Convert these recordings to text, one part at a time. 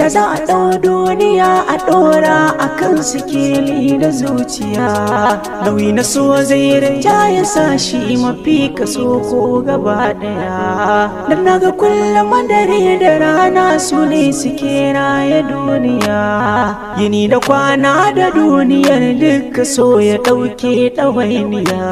da za a ɗau duniya a ɗora a kan sikili da zuciya nauyi na so zai rinjaye sashi mafi kaso ko gaba ɗaya don naga kullum madari da rana su ne suke raye duniya yini da kwana da duniyar duka so ya ɗauke ɗawainiya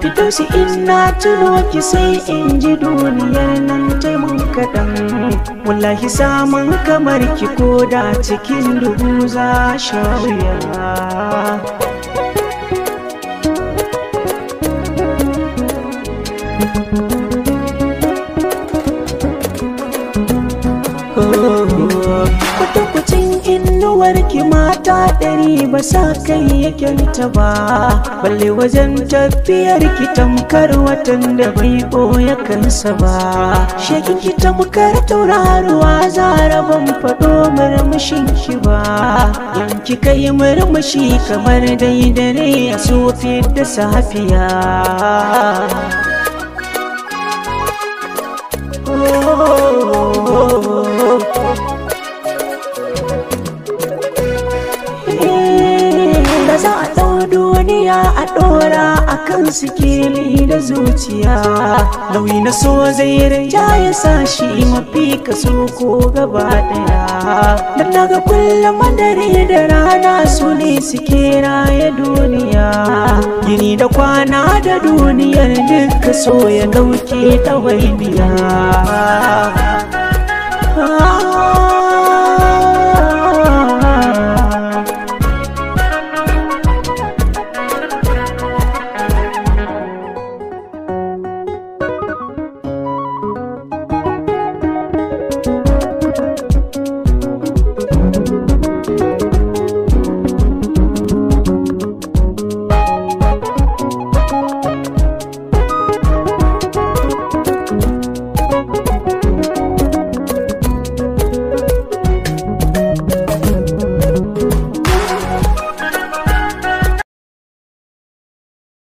Fito su ina tuno ki sai in ji duniyar nan taimun kaɗan. wallahi samun kamar ki koda cikin dubu za sha oh, oh, oh. kwata-kwacin barki mata ɗari ba sa kai yakinta ba balle wajen tafiyar ki tamkar watan da bai ya kansa ba shekin ki tamkar tauraruwa zara ban faɗo murmushin ki ba yanki kai murmushi kamar dai dare a sofi da safiya akan sikili da zuciya Lauyi na so zai rinja ya sa shi mafi kaso ko gaba daya dan daga kullum dare da rana su ne suke ya duniya gini da kwana da duniyar duka so ya dauke ta waibiya